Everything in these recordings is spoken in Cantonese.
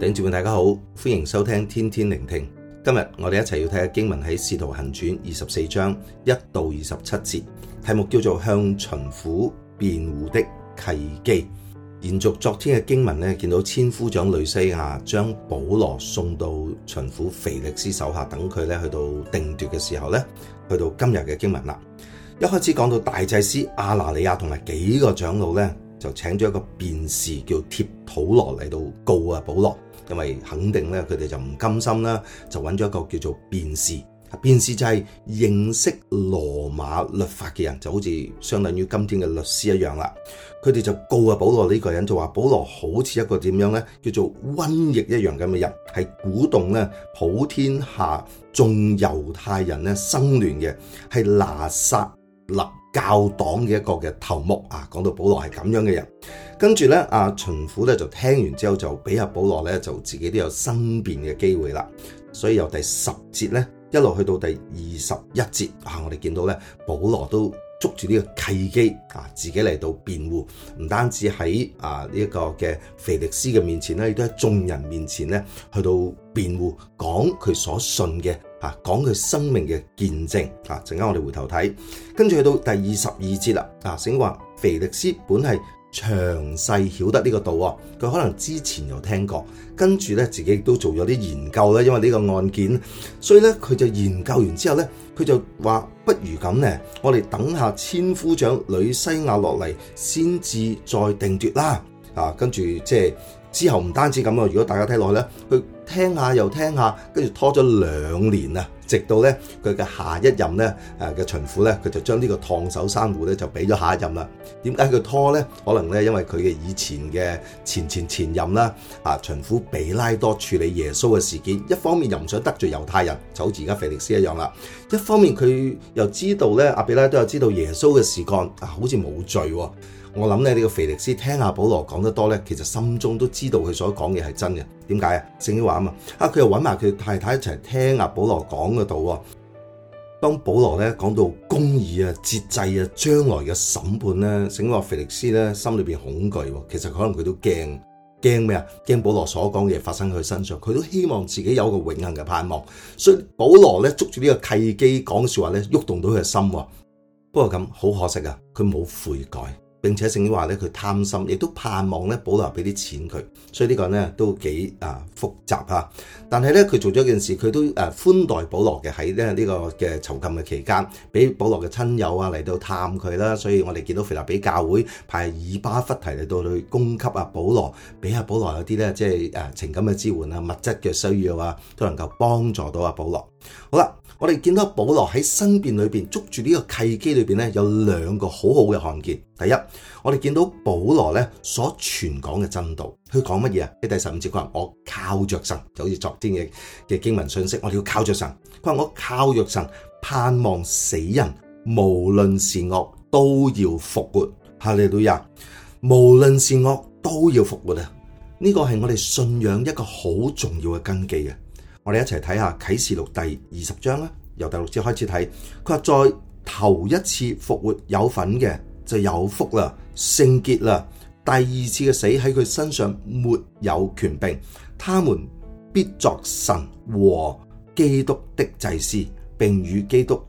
弟兄姊妹大家好，歡迎收聽天天靈聽。今日我哋一齊要睇下經文喺《使徒行傳》二十四章一到二十七節，題目叫做向巡撫辯護的契機。延續昨天嘅經文呢，見到千夫長呂西亞將保羅送到巡撫腓力斯手下，等佢去到定奪嘅時候呢，去到今日嘅經文啦。一開始講到大祭司亞拿尼亞同埋幾個長老呢，就請咗一個辯士叫帖土羅嚟到告啊保羅。因為肯定咧，佢哋就唔甘心啦，就揾咗一個叫做辯士，辯士就係認識羅馬律法嘅人，就好似相當於今天嘅律師一樣啦。佢哋就告啊保羅呢個人，就話保羅好似一個點樣咧，叫做瘟疫一樣咁嘅人，係鼓動咧普天下眾猶太人咧生亂嘅，係拿撒勒教黨嘅一個嘅頭目啊，講到保羅係咁樣嘅人，跟住呢，啊，巡撫呢就聽完之後就俾阿保羅呢，就自己都有申辯嘅機會啦，所以由第十節呢，一路去到第二十一節啊，我哋見到呢，保羅都捉住呢個契機啊，自己嚟到辯護，唔單止喺啊呢一、這個嘅腓力斯嘅面前呢，亦都喺眾人面前呢，去到辯護，講佢所信嘅。啊，講佢生命嘅見證啊！陣間我哋回頭睇，跟住去到第二十二節啦。啊，先話腓力斯本係詳細曉得呢個道哦。佢可能之前又聽過，跟住呢自己都做咗啲研究咧，因為呢個案件，所以呢，佢就研究完之後呢，佢就話不如咁呢，我哋等下千夫長呂西亞落嚟先至再定奪啦。啊，跟住即係之後唔單止咁啊！如果大家睇落去呢。佢。聽下又聽下，跟住拖咗兩年啊！直到咧佢嘅下一任咧，誒嘅巡撫咧，佢就將呢個燙手山芋咧就俾咗下一任啦。點解佢拖咧？可能咧，因為佢嘅以前嘅前前前任啦，啊，巡撫比拉多處理耶穌嘅事件，一方面又唔想得罪猶太人，就好似而家腓力斯一樣啦。一方面佢又知道咧，阿比拉多又知道耶穌嘅事幹啊，好似冇罪哦。我諗咧，呢、這個腓力斯聽阿保羅講得多咧，其實心中都知道佢所講嘢係真嘅。點解啊？聖經話啊嘛，啊佢又搵埋佢太太一齊聽阿保羅講嗰度、啊。當保羅咧講到公義啊、節制啊、將來嘅審判咧，聖約腓力斯咧心裏邊恐懼、啊。其實可能佢都驚驚咩啊？驚保羅所講嘢發生佢身上，佢都希望自己有個永恆嘅盼望。所以保羅咧捉住呢個契機講說話咧，喐動，動到佢嘅心、啊。不過咁好可惜啊，佢冇悔改。並且聖經話咧，佢貪心，亦都盼望咧保羅俾啲錢佢，所以呢個人咧都幾啊複雜啊。但係咧，佢做咗一件事，佢都誒寬待保羅嘅喺咧呢個嘅囚禁嘅期間，俾保羅嘅親友啊嚟到探佢啦。所以我哋見到腓立比教會派以巴弗提嚟到去供給阿保羅，俾阿保羅有啲咧即係誒情感嘅支援啊，物質嘅需要啊，都能夠幫助到阿保羅。好啦。我哋見到保羅喺新變裏面捉住呢個契機裏面咧有兩個好好嘅看見。第一，我哋見到保羅呢所傳講嘅真道，佢講乜嘢啊？喺第十五節佢話我靠着神，就好似昨天嘅嘅經文信息，我哋要靠着神。佢話我靠着神盼望死人，無論善惡都要復活。哈利路亞，無論善惡都要復活啊！呢、這個係我哋信仰一個好重要嘅根基我哋一齊睇下啟示錄第二十章啦，由第六節開始睇。佢話在頭一次復活有份嘅就有福啦，聖潔啦。第二次嘅死喺佢身上沒有權柄，他們必作神和基督的祭司，並與基督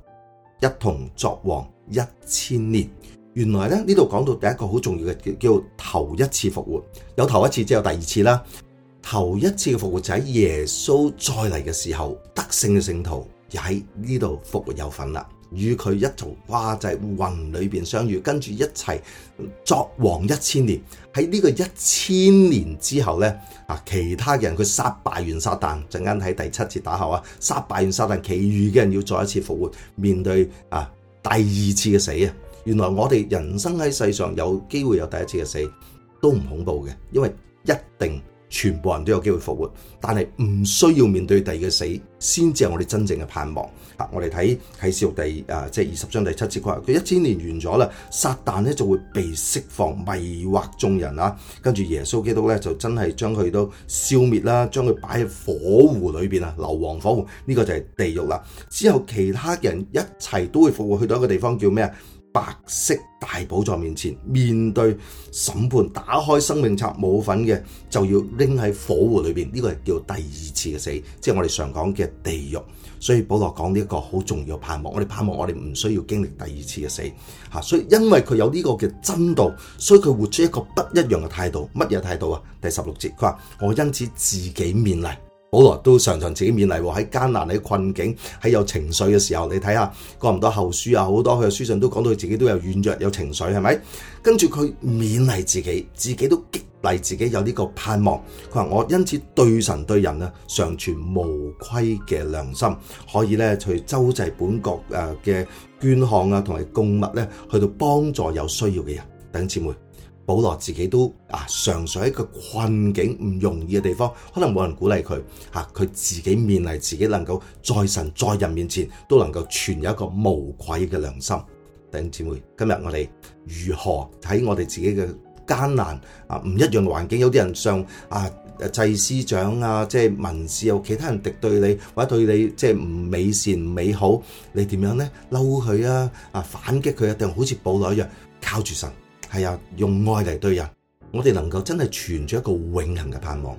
一同作王一千年。原來咧呢度講到第一個好重要嘅叫頭一次復活，有頭一次之後第二次啦。頭一次嘅復活就喺耶穌再嚟嘅時候，得勝嘅聖徒又喺呢度復活有份啦，與佢一同瓜就係雲裏邊相遇，跟住一齊作王一千年。喺呢個一千年之後呢，啊，其他人佢殺敗完撒旦，陣間喺第七節打後啊，殺敗完撒旦，其餘嘅人要再一次復活，面對啊第二次嘅死啊。原來我哋人生喺世上有機會有第一次嘅死都唔恐怖嘅，因為一定。全部人都有機會復活，但係唔需要面對第二嘅死，先至係我哋真正嘅盼望。嗱、啊，我哋睇喺《啟示》第啊，即係二十章第七節話，佢一千年完咗啦，撒旦咧就會被釋放，迷惑眾人啊，跟住耶穌基督咧就真係將佢都消滅啦，將佢擺喺火湖裏邊啊，硫磺火湖呢、這個就係地獄啦。之後其他人一齊都會復活，去到一個地方叫咩啊？白色大寶座面前，面對審判，打開生命冊冇份嘅就要拎喺火湖裏邊，呢、這個係叫第二次嘅死，即係我哋常講嘅地獄。所以保羅講呢一個好重要盼望，我哋盼望我哋唔需要經歷第二次嘅死。吓，所以因為佢有呢個嘅真道，所以佢活出一個不一樣嘅態度，乜嘢態度啊？第十六節，佢話我因此自己勉勵。」保羅都常常自己勉勵喎，喺艱難、喺困境、喺有情緒嘅時候，你睇下《哥林多後書》啊，好多佢嘅書信都講到佢自己都有軟弱、有情緒，係咪？跟住佢勉勵自己，自己都激勵自己有呢個盼望。佢話我因此對神、對人啊，常存無虧嘅良心，可以咧去周濟本國誒嘅捐項啊，同埋供物咧，去到幫助有需要嘅人。等姊妹。保羅自己都啊，常常喺個困境，唔容易嘅地方，可能冇人鼓勵佢，吓、啊、佢自己面嚟，自己，能夠在神在人面前都能夠存有一個無愧嘅良心。弟兄姊妹，今日我哋如何喺我哋自己嘅艱難啊，唔一樣環境，有啲人上啊祭司長啊，即係文士，有其他人敵對你，或者對你即係唔美善、唔美好，你點樣呢？嬲佢啊，啊反擊佢一定好似保羅一樣靠住神？係啊，用愛嚟對人，我哋能夠真係存住一個永恆嘅盼望。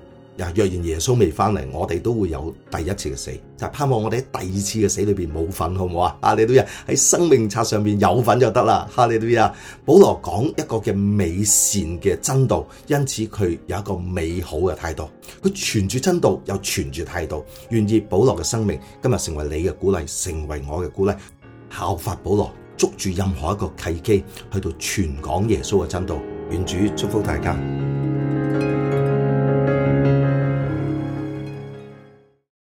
若然耶穌未翻嚟，我哋都會有第一次嘅死，就盼望我哋喺第二次嘅死裏邊冇份，好唔好啊？哈利路亞，喺生命冊上面有份就得啦。哈利路亞。保羅講一個嘅美善嘅真道，因此佢有一個美好嘅態度，佢存住真道又存住態度，願意保羅嘅生命今日成為你嘅鼓勵，成為我嘅鼓勵，效法保羅。捉住任何一個契機，去到傳講耶穌嘅真道。願主祝福大家。